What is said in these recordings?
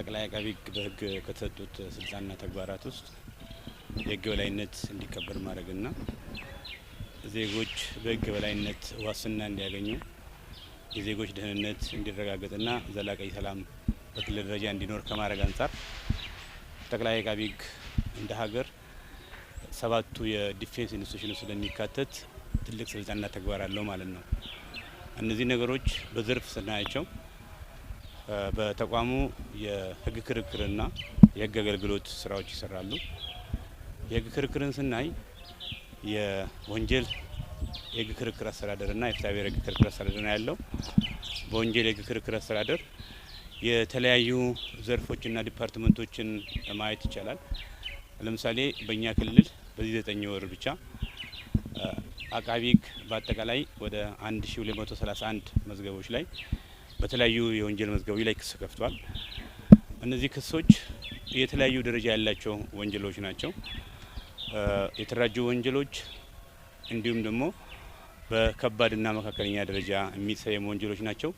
ጠቅላይ አቃቢ በህግ ከተሰጡት ስልጣንና ተግባራት ውስጥ የሕግ የበላይነት እንዲከበር ማድረግና ዜጎች በህግ የበላይነት ዋስና እንዲያገኙ የዜጎች ደህንነት እንዲረጋገጥና ዘላቂ ሰላም በክልል ደረጃ እንዲኖር ከማድረግ አንጻር ጠቅላይ አቃቢ ህግ እንደ ሀገር ሰባቱ የዲፌንስ ኢንስቲትዩሽን ውስጥ ስለሚካተት ትልቅ ስልጣንና ተግባር አለው ማለት ነው። እነዚህ ነገሮች በዘርፍ ስናያቸው በተቋሙ የህግ ክርክርና የህግ አገልግሎት ስራዎች ይሰራሉ። የህግ ክርክርን ስናይ የወንጀል የህግ ክርክር አስተዳደርና የፍትሐብሔር ህግ ክርክር አስተዳደር ነው ያለው። በወንጀል የህግ ክርክር አስተዳደር የተለያዩ ዘርፎችና ዲፓርትመንቶችን ማየት ይቻላል። ለምሳሌ በእኛ ክልል በዚህ ዘጠኝ ወር ብቻ አቃቢ ህግ በአጠቃላይ ወደ 1231 መዝገቦች ላይ በተለያዩ የወንጀል መዝገቦች ላይ ክስ ከፍቷል። እነዚህ ክሶች የተለያዩ ደረጃ ያላቸው ወንጀሎች ናቸው። የተደራጁ ወንጀሎች እንዲሁም ደግሞ በከባድና መካከለኛ ደረጃ የሚሰየሙ ወንጀሎች ናቸው።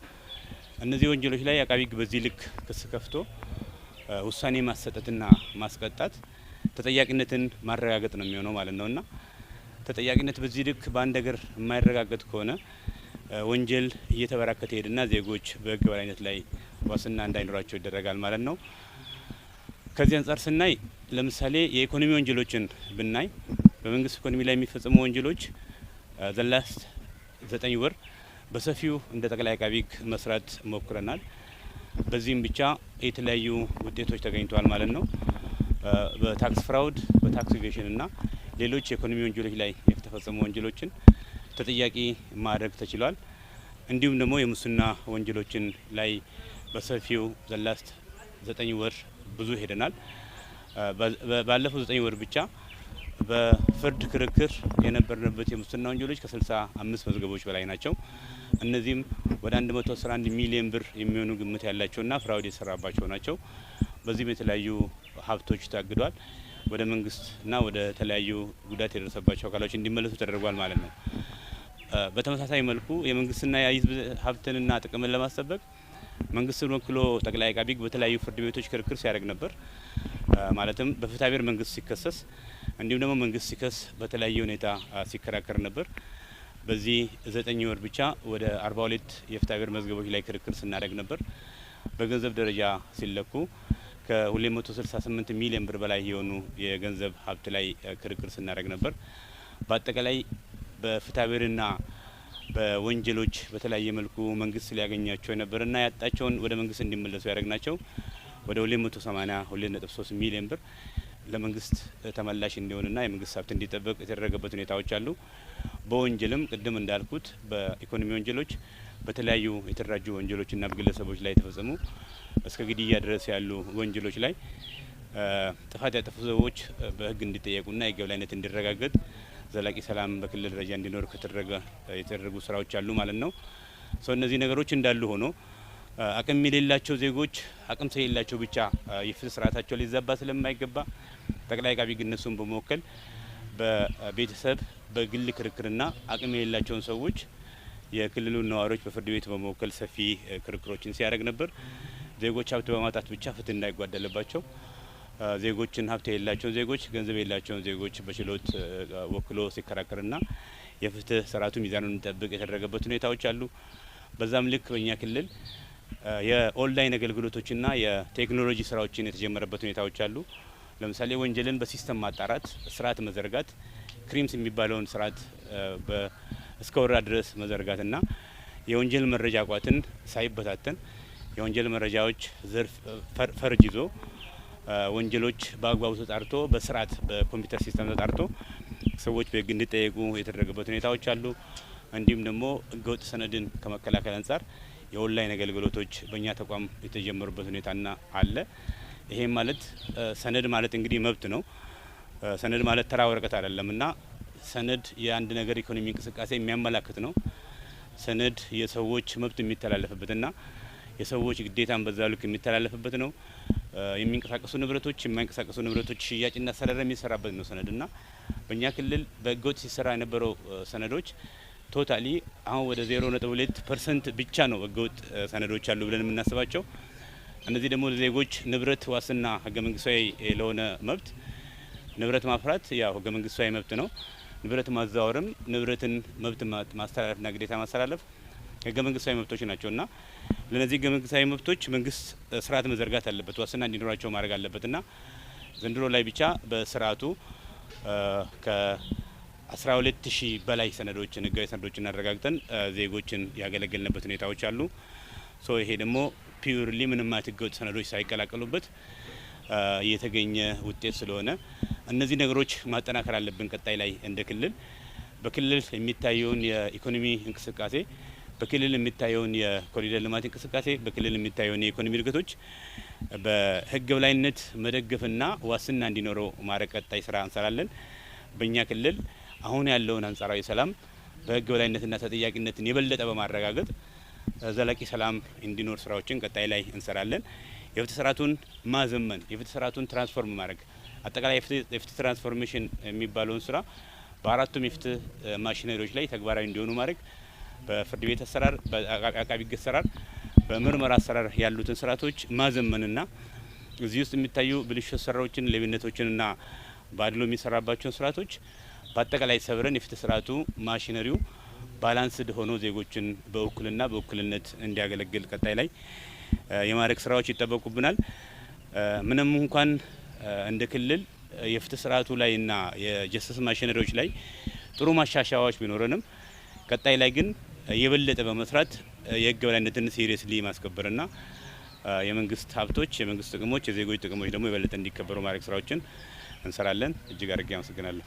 እነዚህ ወንጀሎች ላይ አቃቢ ሕግ በዚህ ልክ ክስ ከፍቶ ውሳኔ ማሰጠትና ማስቀጣት ተጠያቂነትን ማረጋገጥ ነው የሚሆነው ማለት ነው እና ተጠያቂነት በዚህ ልክ በአንድ ሀገር የማይረጋገጥ ከሆነ ወንጀል እየተበራከተ ሄድና ዜጎች በህግ የበላይነት ላይ ዋስና እንዳይኖራቸው ይደረጋል ማለት ነው። ከዚህ አንጻር ስናይ ለምሳሌ የኢኮኖሚ ወንጀሎችን ብናይ በመንግስት ኢኮኖሚ ላይ የሚፈጽሙ ወንጀሎች ዘላስት ዘጠኝ ወር በሰፊው እንደ ጠቅላይ አቃቢ ህግ መስራት ሞክረናል። በዚህም ብቻ የተለያዩ ውጤቶች ተገኝተዋል ማለት ነው። በታክስ ፍራውድ፣ በታክስ ኢቬሽን እና ሌሎች የኢኮኖሚ ወንጀሎች ላይ የተፈጸሙ ወንጀሎችን ተጠያቂ ማድረግ ተችሏል። እንዲሁም ደግሞ የሙስና ወንጀሎችን ላይ በሰፊው ዘላስት ዘጠኝ ወር ብዙ ሄደናል። ባለፈው ዘጠኝ ወር ብቻ በፍርድ ክርክር የነበርንበት የሙስና ወንጀሎች ከ አምስት መዝገቦች በላይ ናቸው። እነዚህም ወደ 111 ሚሊዮን ብር የሚሆኑ ግምት ያላቸውና ፍራውድ የሰራባቸው ናቸው። በዚህም የተለያዩ ሀብቶች ታግዷል። ወደ መንግስትና ወደ ተለያዩ ጉዳት የደረሰባቸው አካሎች እንዲመለሱ ተደርጓል ማለት ነው። በተመሳሳይ መልኩ የመንግስትና የህዝብ ሀብትንና ጥቅምን ለማስጠበቅ መንግስትን ወክሎ ጠቅላይ አቃቤ ህግ በተለያዩ ፍርድ ቤቶች ክርክር ሲያደርግ ነበር። ማለትም በፍትሐ ብሔር መንግስት ሲከሰስ፣ እንዲሁም ደግሞ መንግስት ሲከስ በተለያየ ሁኔታ ሲከራከር ነበር። በዚህ ዘጠኝ ወር ብቻ ወደ አርባ ሁለት የፍትሐ ብሔር መዝገቦች ላይ ክርክር ስናደርግ ነበር። በገንዘብ ደረጃ ሲለኩ ከ268 ሚሊዮን ብር በላይ የሆኑ የገንዘብ ሀብት ላይ ክርክር ስናደርግ ነበር። በአጠቃላይ በፍትሐብሔርና በወንጀሎች በተለያየ መልኩ መንግስት ሊያገኛቸው የነበረና ያጣቸውን ወደ መንግስት እንዲመለሱ ያደረግ ናቸው ወደ 280 2.3 ሚሊዮን ብር ለመንግስት ተመላሽ እንዲሆንና የመንግስት ሀብት እንዲጠበቅ የተደረገበት ሁኔታዎች አሉ። በወንጀልም ቅድም እንዳልኩት በኢኮኖሚ ወንጀሎች፣ በተለያዩ የተደራጁ ወንጀሎችና በግለሰቦች ላይ የተፈጸሙ እስከ ግድያ ድረስ ያሉ ወንጀሎች ላይ ጥፋት ያጠፉ ሰዎች በህግ እንዲጠየቁና የገብላይነት እንዲረጋገጥ ዘላቂ ሰላም በክልል ደረጃ እንዲኖር የተደረጉ ስራዎች አሉ ማለት ነው። ሰው እነዚህ ነገሮች እንዳሉ ሆኖ አቅም የሌላቸው ዜጎች አቅም ስለሌላቸው ብቻ የፍትህ ስርዓታቸው ሊዛባ ስለማይገባ ጠቅላይ አቃቢ ሕግ እነሱን በመወከል በቤተሰብ በግል ክርክርና አቅም የሌላቸውን ሰዎች የክልሉን ነዋሪዎች በፍርድ ቤት በመወከል ሰፊ ክርክሮችን ሲያደርግ ነበር። ዜጎች ሀብት በማጣት ብቻ ፍትህ እንዳይጓደልባቸው ዜጎችን ሀብት የሌላቸውን ዜጎች ገንዘብ የሌላቸውን ዜጎች በችሎት ወክሎ ሲከራከርና የፍትህ ስርዓቱ ሚዛኑን እንዲጠብቅ የተደረገበት ሁኔታዎች አሉ። በዛም ልክ በእኛ ክልል የኦንላይን አገልግሎቶችና የቴክኖሎጂ ስራዎችን የተጀመረበት ሁኔታዎች አሉ። ለምሳሌ ወንጀልን በሲስተም ማጣራት ስርዓት መዘርጋት ክሪምስ የሚባለውን ስርዓት እስከ ወረዳ ድረስ መዘርጋትና የወንጀል መረጃ ቋትን ሳይበታተን የወንጀል መረጃዎች ዘርፍ ፈርጅ ይዞ ወንጀሎች በአግባቡ ተጣርቶ በስርዓት በኮምፒውተር ሲስተም ተጣርቶ ሰዎች በህግ እንዲጠየቁ የተደረገበት ሁኔታዎች አሉ። እንዲሁም ደግሞ ህገወጥ ሰነድን ከመከላከል አንጻር የኦንላይን አገልግሎቶች በእኛ ተቋም የተጀመሩበት ሁኔታና አለ። ይሄም ማለት ሰነድ ማለት እንግዲህ መብት ነው። ሰነድ ማለት ተራ ወረቀት አይደለም እና ሰነድ የአንድ ነገር ኢኮኖሚ እንቅስቃሴ የሚያመላክት ነው። ሰነድ የሰዎች መብት የሚተላለፍበትና የሰዎች ግዴታን በዛ ልክ የሚተላለፍበት ነው። የሚንቀሳቀሱ ንብረቶች፣ የማይንቀሳቀሱ ንብረቶች ሽያጭና አስተዳደር የሚሰራበት ነው ና በእኛ ክልል በህገወጥ ሲሰራ የነበረው ሰነዶች ቶታሊ አሁን ወደ ሁለት ፐርሰንት ብቻ ነው ህገወጥ ሰነዶች አሉ ብለን የምናስባቸው። እነዚህ ደግሞ ዜጎች ንብረት ዋስና ህገ መንግስታዊ ለሆነ መብት ንብረት ማፍራት ያው ህገ መንግስታዊ መብት ነው። ንብረት ማዛወርም ንብረትን መብት ማስተላለፍና ግዴታ ማስተላለፍ ህገ መንግስታዊ መብቶች ናቸውና ለነዚህ ህገ መንግስታዊ መብቶች መንግስት ስርዓት መዘርጋት አለበት፣ ዋስትና እንዲኖራቸው ማድረግ አለበትና ዘንድሮ ላይ ብቻ በስርዓቱ ከ12 ሺህ በላይ ሰነዶችን ህጋዊ ሰነዶችን አረጋግጠን ዜጎችን ያገለገልንበት ሁኔታዎች አሉ። ሶ ይሄ ደግሞ ፒውርሊ ምንም አይነት ህገወጥ ሰነዶች ሳይቀላቀሉበት የተገኘ ውጤት ስለሆነ እነዚህ ነገሮች ማጠናከር አለብን። ቀጣይ ላይ እንደ ክልል በክልል የሚታየውን የኢኮኖሚ እንቅስቃሴ በክልል የሚታየውን የኮሪደር ልማት እንቅስቃሴ በክልል የሚታየውን የኢኮኖሚ እድገቶች በህግ ብላይነት መደገፍና ዋስትና እንዲኖረው ማድረግ ቀጣይ ስራ እንሰራለን። በእኛ ክልል አሁን ያለውን አንጻራዊ ሰላም በህግ የበላይነትና ተጠያቂነትን የበለጠ በማረጋገጥ ዘላቂ ሰላም እንዲኖር ስራዎችን ቀጣይ ላይ እንሰራለን። የፍትህ ስርዓቱን ማዘመን፣ የፍትህ ስርዓቱን ትራንስፎርም ማድረግ አጠቃላይ የፍትህ ትራንስፎርሜሽን የሚባለውን ስራ በአራቱም የፍትህ ማሽነሪዎች ላይ ተግባራዊ እንዲሆኑ ማድረግ በፍርድ ቤት አሰራር፣ በአቃቢ ሕግ አሰራር፣ በምርመራ አሰራር ያሉትን ስርዓቶች ማዘመንና እዚህ ውስጥ የሚታዩ ብልሹ አሰራሮችን ሌብነቶችንና ባድሎ የሚሰራባቸውን ስርዓቶች በአጠቃላይ ሰብረን የፍትህ ስርዓቱ ማሽነሪው ባላንስድ ሆኖ ዜጎችን በእኩልና በእኩልነት እንዲያገለግል ቀጣይ ላይ የማድረግ ስራዎች ይጠበቁብናል። ምንም እንኳን እንደ ክልል የፍትህ ስርዓቱ ላይና የጀስቲስ ማሽነሪዎች ላይ ጥሩ ማሻሻያዎች ቢኖረንም ቀጣይ ላይ ግን የበለጠ በመስራት የህግ የበላይነትን ሲሪየስሊ ማስከበርና የመንግስት ሀብቶች፣ የመንግስት ጥቅሞች፣ የዜጎች ጥቅሞች ደግሞ የበለጠ እንዲከበሩ ማድረግ ስራዎችን እንሰራለን። እጅግ አድርጌ አመሰግናለሁ።